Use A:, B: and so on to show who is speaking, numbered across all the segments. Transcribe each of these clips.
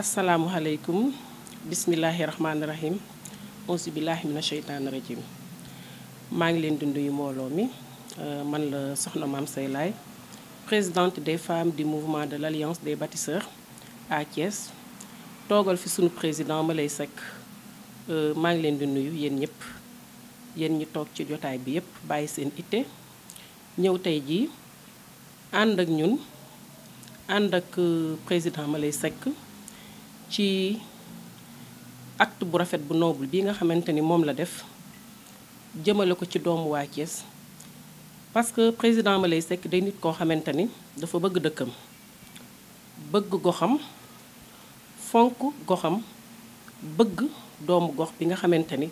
A: alaikum. Bismillahir Rahmanir rahim auzu billahi minashaitan rajim maa ngi leen euh, man le soxna mam présidente des femmes du mouvement de l'alliance des bâtisseurs à Kies, toogal fi sunu président Maleye sec euh, Manglin ngi leen di nuyu Yen ñëpp yéen ñi toog ci bi yep. sen euh, président Maleye sec ci acte bu rafet bu noble bi nga xamante ni moom la def jëmale ko ci doomu waa Thiès parce que président Malaye Seck day nit koo xamante ni dafa bëgg dëkkam bëgg goxam fonk goxam bëgg doomu gox bi nga xamante ni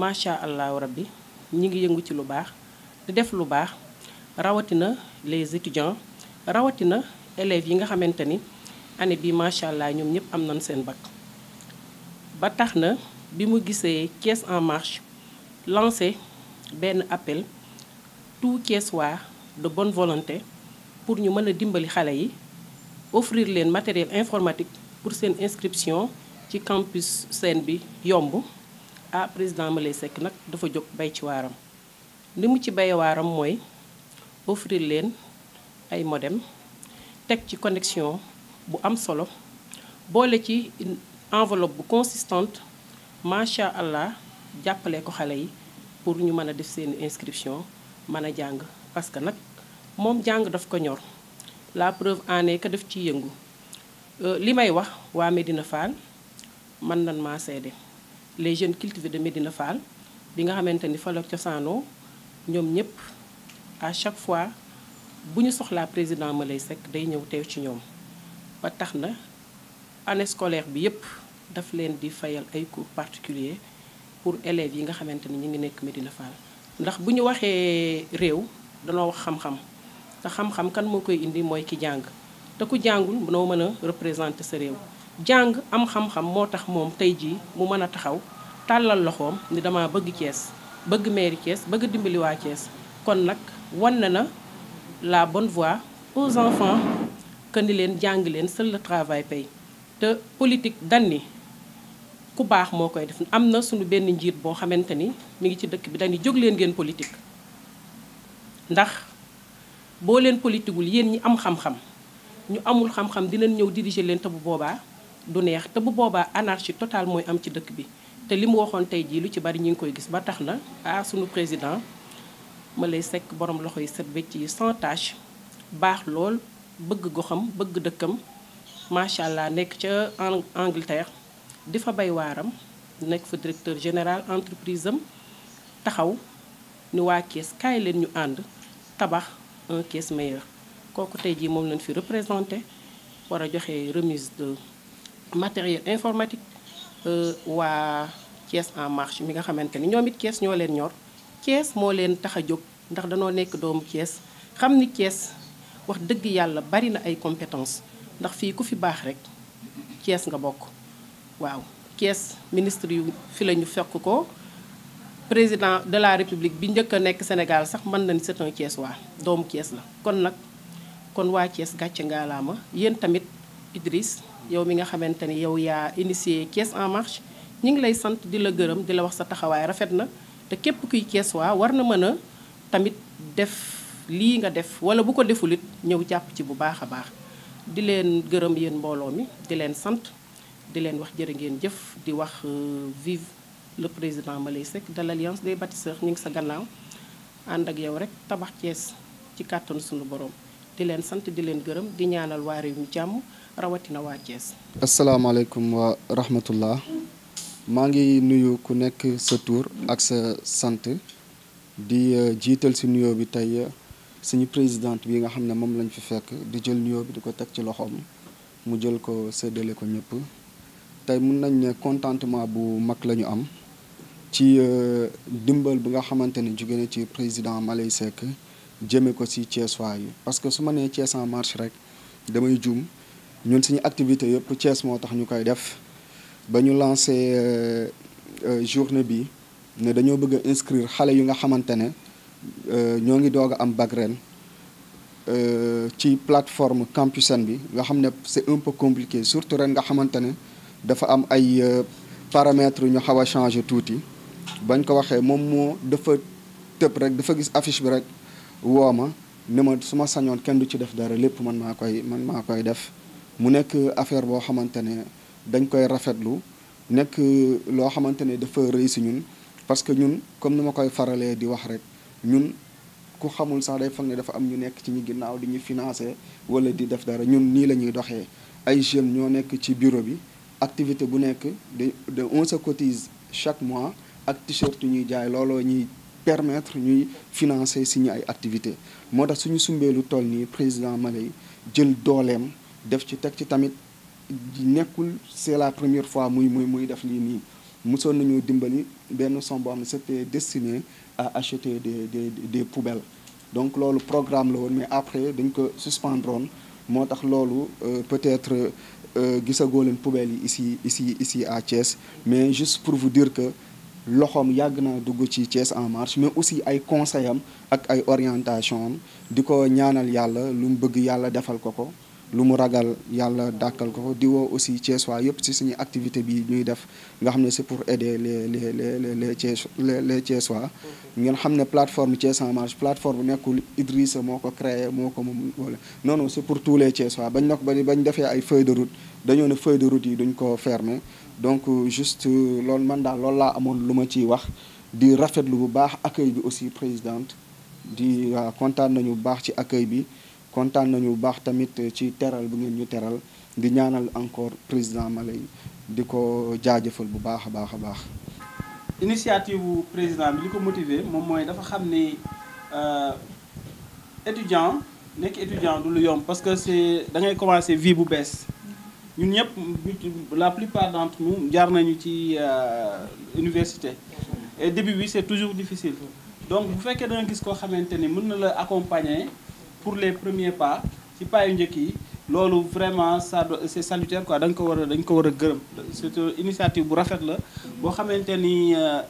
A: macha allahu rabbi ñi ngi yëngu ci lu baax di def lu baax rawatina les étudiants rawatina élèves yi nga xamante ni année bi macha allah ñoom ñëpp am nañ seen bac ba tax na bi mu gisee caisse en marche lancé benn appel tout Thiessois de bonne volonté pour ñu mën a dimbali xale yi offrir leen matériel informatique pour seen inscription ci campus seen bi yomb ah président Malaye Seck nag dafa jóg bay ci waaram li mu ci baye waaram mooy offrir leen ay modem teg ci connexion bu am solo boole ci enveloppe bu consistante macha allah jàppale ko xale yi pour ñu mën a def seeni inscription mën a jàng parce que nag moom jàng daf ko ñor la preuve en est que daf ciy yëngu euh, li may wax waa Médina Fall mën nan maa seede les jeunes cultivés de Médina Fall bi nga xamante ni fa cosaanoo ñoom ñëpp à chaque fois bu ñu soxlaa président Malay sekk day ñëw teew ci ñoom ba tax na année scolaire bi yépp daf leen di fayal ay cours particulier pour élèves yi nga xamante ni ñu ngi nekk Médina Fall ndax bu ñu waxee réew danoo wax xam-xam te xam-xam kan moo koy indi mooy ki jàng te ku jàngul noo mën a représenter sa réew jàng am xam-xam moo tax moom tey jii mu mën a taxaw tàllal loxoom ni dama bëgg Thiès bëgg mairie Thiès bëgg dimbali waa kon nag wan na na la bonne voie aux enfants que ni leen jàng seul le travail paye te politique danni ku bax moo koy def amna sunu ben benn bo xamanteni ni mi ngi ci dëkk bi dañuy jog len ngeen politique ndax boo politique politiqueul yeen ñi am xam-xam ñu amul xam-xam dinañ ñew diriger len te bu boobaa du neex te bu anarchie totale moy am ci dëkk bi te limu waxon tay ji lu ci bari ñi ngi koy gis ba tax na ah suñu président ma lay sekk borom loxoy yi set wecc yi sans tâche baax lool bëgg goxam bëgg dëkkam macha allah nekk ca Angleterre di fa bay waaram nekk fa directeur général entreprise am taxaw ni waa Thiès kaay leen ñu ànd tabax un Thiès meilleur kooku tey jii moom lañ fi représenté war a joxe remise de matériel informatique euh, waa Thiès en marche mi nga xamante ni ñoom it Thiès ñoo leen ñor Thiès moo leen tax a jóg ndax danoo nekk doomu Thiès xam ni Thiès wax deug yalla bari na ay compétence ndax fi ku fi bax rek Thiès nga bok waaw Thiès ministre yu fi lañu fekk ko président de la république bi ñëk a nekk Sénégal sax man nañ c'est un Thiès wa dom Thiès la kon nak kon waa Thiès gàcce yeen tamit Idriss yow mi nga xamanteni yow ya initié kies en marche ñi ngi lay sante di la gëreum di la wax sa taxaway rafet te képp kuy wa war na tamit def li nga def wala bu ko defulit ñew japp ci bu baaxa baax di leen gërëm yeen mbolo mi di leen sant di leen wax jere ngeen jëf di wax euh, vive le président malay sek de l'alliance des bâtisseurs ñing sa gannaaw and ak yow rek tabax ci carton sunu borom di leen sant di leen gërëm di ñaanal jamm rawati na rawatina waa
B: assalamu alaykum wa rahmatullah ma ngi nuyu ku nekk sa tour ak sa sante di euh, jital ci nuyo bi tay suñu présidente bi nga xam ne moom lañ fi fekk di jël nuyoo bi di ko teg ci loxoom mu jël ko séddale ko ñëpp tey mun nañ ne contentement bu mag la ñu am ci euh, dimbal bi nga xamante ne jóge na ci président Malay Seck jëme ko si Thiès yi parce que su ma nee Thiès en marche rek damay juum ñun suñu activité yëpp Thiès moo tax ñu koy def ba ñu lancé euh, euh, journée bi ne dañoo bëgg a xale yu nga xamante ne Euh, ñoo ngi doog a am bac ren euh, ci plateforme Campusen bi nga xam ne c'est un peu compliqué surtout ren nga xamante ne dafa am ay euh, paramètres ñu xaw a changé tuuti bañ ko waxee moom moo dafa tëb rek dafa gis affiche bi rek woo ma ne ma su ma sañoon kenn du ci def dara lépp man maa koy man maa koy def mu nekk affaire boo xamante ne dañ koy rafetlu nekk loo xamante ne dafa rëy si ñun parce que ñun comme ni ma koy faralee di wax rek ñun ku xamul sax day foog ne dafa am ñu nekk ci ñu ginnaaw di ñu financé wala di def dara ñun nii la ñuy doxee ay jeunes ñoo nekk ci bureau bi activité bu nekk de de on se cotise chaque mois ak t ñuy jaay looloo ñuy permettre ñuy financer suñu ay activité moo tax suñu sumbee lu toll nii président Maleye jël dooleem def ci teg ci tamit di nekkul c'est la première fois muy muy muy def lii nii mosoon nañu dimbali benn c'était destiné à acheter des des des poubelles donc le programme la mais après dañ ko suspendre woon euh, peut-être euh, gisagoo leen poubelles ici ici ici à Thiès mais juste pour vous dire que loxoom Yagna naa dugg ci Thiès en marche mais aussi ay conseils am ak ay orientation diko ñaanal yalla lu bëgg defal ko ko lumuragal mu ragal yàlla dàkkal ko diwo woo aussi Thiessois yëpp ci suñu activité bi ñuy def nga xamné c'est pour aider les les les les Thiès les les Thiessois ngeen xam plateforme Thiès en marche plateforme nekkul Idrissa idriss moko créé moko non non c'est pour tous les Thiessois bañ nak ko bañ défé ay feuille de route dañu ne feuille de route yi duñ ko fermer donc juste lool man daal lool la amoon luma ci wax di rafetlu bu baax accueil bi aussi présidente di waaw nañu baax ci accueil bi kontaan nañu bu baax tamit ci téral bu ngeen ñu téral di ñaanal encore président Malay di ko jaajëfal bu baax a baax a baax.
C: initiative président bi li ko motiver moom mooy dafa xam ni euh, étudiant nekk étudiant du lu yom parce que c'est da ngay commencé vie bu bees ñun ñëpp la plupart d'entre nous jaar nañu ci euh, université. et début bi c'est toujours difficile donc bu fekkee da nga gis koo xamante ni mën na la accompagner pour les premiers pas ci pas yu yi lolu vraiment ça c'est salutaire quoi dañ ko war a dañ ko c'est une initiative bu rafet la bo xamanteni euh,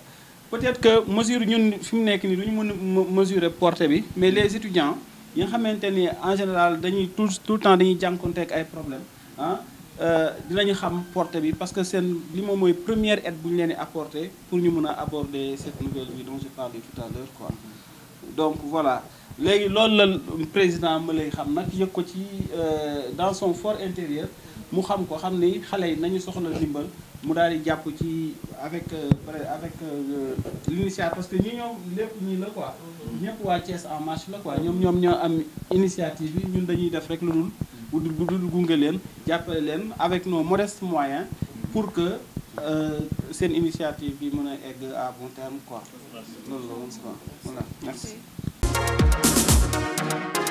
C: peut-être que mesure ñun fim mu nekk nii du ñu mesurer portée bi mais les étudiants yi xamanteni en général dañuy tout tout le temps dañuy ak ay problèmes ah euh, dinañu xam portée bi parce que c'est li moom mooy première aide bu ñu leen apporter pour ñu mëna a aborder cette nouvelle vie dont j'ai parlé tout à l'heure quoi donc voilà le président ma euh, dans son fort intérieur mu xam ko xamni xalé nañu avec euh, euh, l'initiative parce que ñi ñom la quoi en marche quoi nous initiative ñun dañuy def rek nous avec nos modestes moyens pour que Euh, seen initiative bi mën a egg à bon terme quoi loolu la woon